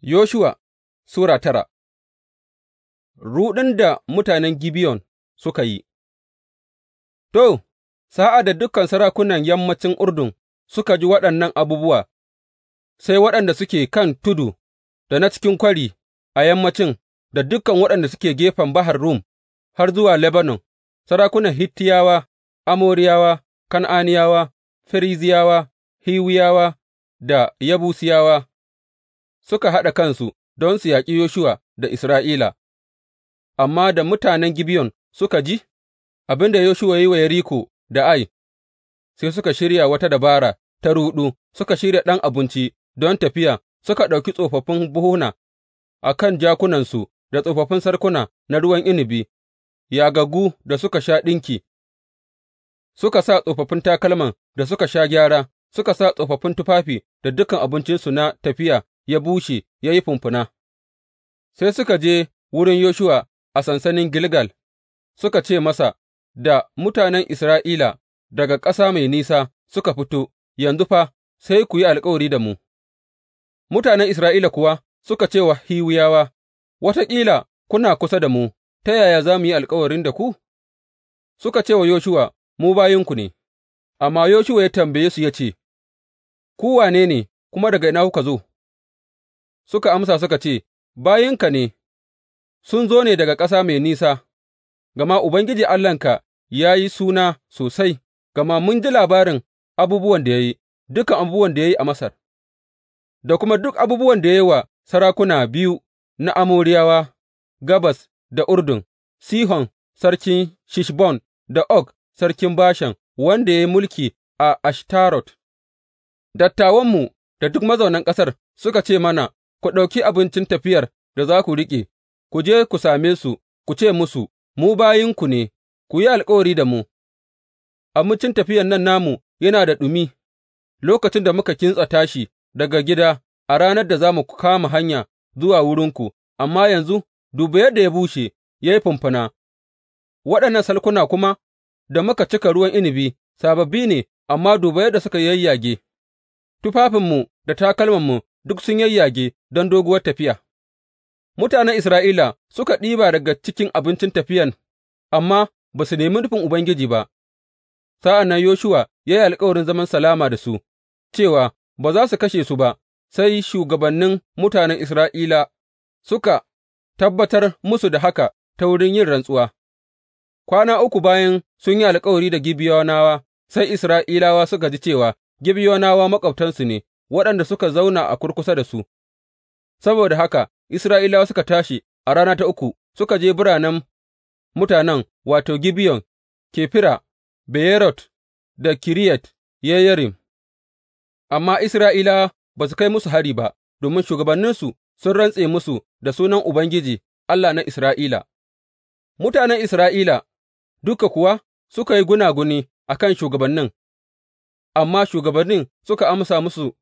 Yoshuwa Sura tara Ruɗun da mutanen Gibeyon suka yi To, sa'ad da dukan sarakunan yammacin Urdun suka ji waɗannan abubuwa, sai waɗanda suke kan tudu da na cikin kwari a yammacin da dukan waɗanda suke gefen Bahar Rum har zuwa Lebanon, sarakunan Hittiyawa, Amoriyawa, Kan'aniyawa, Ferizziyawa, Hiwiyawa da Yabusiyawa. suka haɗa kansu don su yaƙi Yoshuwa da Isra'ila, amma da mutanen Gibeyon suka ji abin da Yoshuwa ya yi wa Yeriko da Ai, sai suka shirya wata dabara ta ruɗu, suka shirya ɗan abinci don tafiya, suka ɗauki tsofaffin buhuna a kan jakunansu da tsofaffin sarkuna na ruwan inabi, yagaggu da suka sha ɗinki, suka sa tsofaffin takalman da suka sha gyara, suka sa tsofaffin tufafi da dukan abincinsu na tafiya ya bushe ya yi fumfuna, sai suka je wurin Yoshuwa a sansanin Gilgal suka ce masa, Da mutanen Isra'ila daga ƙasa mai nisa suka fito, yanzu fa sai ku yi alkawari da mu. Mutanen Isra'ila kuwa suka ce wa Hiwiyawa, Wataƙila kuna kusa da mu, ta yaya za mu yi alkawarin da ku? Suka ce wa Yoshuwa, Mu bayinku ne, amma Yoshuwa ya tambaye su ya ce, Ku wane ne, kuma daga ina kuka zo? Suka amsa suka ce, Bayinka ne, sun zo ne daga ƙasa mai nisa, gama Ubangiji Allahnka ya yi suna sosai, gama mun ji labarin abubuwan da ya yi, dukan abubuwan da ya yi a Masar, da kuma duk abubuwan da ya yi wa sarakuna biyu na Amoriyawa, Gabas da Urdun, Sihon sarkin Shishbon da Og sarkin Bashan, wanda ya yi mulki a Ashtarot. Dattawanmu da duk mazaunan ƙasar suka ce mana, Ku ɗauki abincin tafiyar da za ku riƙe, ku je ku same su ku ce musu, Mu bayinku ne, ku yi alkawari da mu, abincin tafiyar nan namu yana da ɗumi lokacin da muka kintsa tashi daga gida a ranar da za mu kama hanya zuwa wurinku, amma yanzu duba yadda ya bushe, ya yi fumfuna, waɗannan salkuna kuma da muka cika ruwan inibi sababbi ne, amma duba yadda suka yayyage, tufafinmu da takalmanmu duk sun yayyage. don doguwar tafiya. Mutanen Isra'ila suka ɗiba daga cikin abincin tafiyan, amma ba su nemi nufin Ubangiji ba, sa'an nan Yoshuwa ya yi alkawarin zaman salama da su, cewa ba za su kashe su ba, sai shugabannin mutanen Isra'ila suka tabbatar musu da haka ta wurin yin rantsuwa. Kwana uku bayan sun yi alkawari da Gibeyonawa, sai Isra'ilawa suka ji cewa Gibeyonawa maƙwabtansu ne, waɗanda suka zauna a kurkusa da su. Saboda haka Isra'ilawa suka tashi a rana ta uku suka je biranen mutanen, wato, Gibeyon, Kefira, Beyerot da Kiriyat Yeyarim, amma Isra'ilawa ba su kai musu hari ba, domin shugabanninsu sun rantse musu da sunan Ubangiji, Allah na Isra'ila. Mutanen Isra'ila duka kuwa suka yi gunaguni a kan shugabannin, amma shugabannin suka amsa musu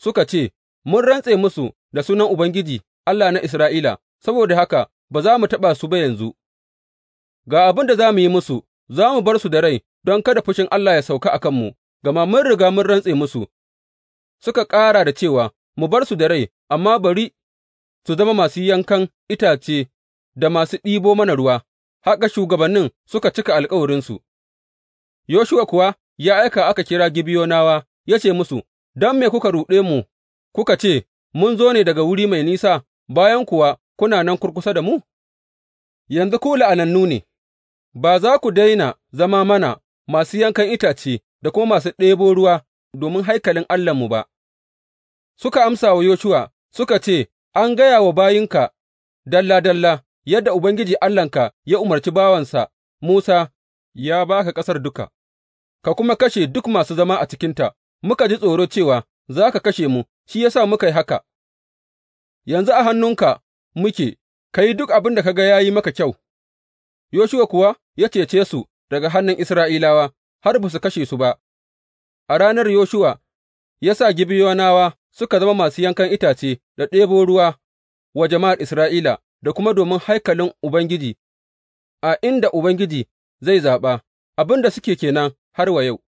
suka ce, Mun rantse musu da sunan Ubangiji Allah na Isra'ila, saboda haka ba za mu taɓa su ba yanzu, ga abin da za mu yi musu, za mu bar su da rai don kada fushin Allah ya sauka a kanmu, gama mun riga mun rantse musu, suka ƙara da cewa, Mu bar su da rai, amma bari su zama masu yankan itace da masu ɗibo mana ruwa, haka shugabannin suka cika alkawarinsu. Yoshuwa kuwa ya aika aka kira Gibiyonawa, ya ce musu, Don me kuka ruɗe mu, kuka ce, mun zo ne daga wuri mai nisa, bayan kuwa kuna nan kurkusa da mu? Yanzu ku la'anannu ne, ba za ku daina zama mana masu yankan itace da kuma masu ɗebo ruwa domin haikalin Allahnmu ba. Suka amsa wa Yoshuwa suka ce, An gaya wa bayinka dalla dalla yadda Ubangiji Allahnka ya umarci bawansa Musa ya ba ka ƙasar duka, ka kuma kashe duk masu zama a cikinta, muka ji tsoro cewa za ka kashe mu, shi ya sa muka yi haka, yanzu a hannunka muke, ka yi duk abin da ka ga ya yi maka kyau, Yoshuwa kuwa ya cece su daga hannun Isra'ilawa har ba su kashe su ba, a ranar Yoshuwa ya sa Gibeyonawa suka zama masu yankan itace da ɗebo ruwa wa jama'ar Isra'ila da kuma domin haikalin Ubangiji a inda Ubangiji zai zaɓa, abin da suke kenan har wa yau.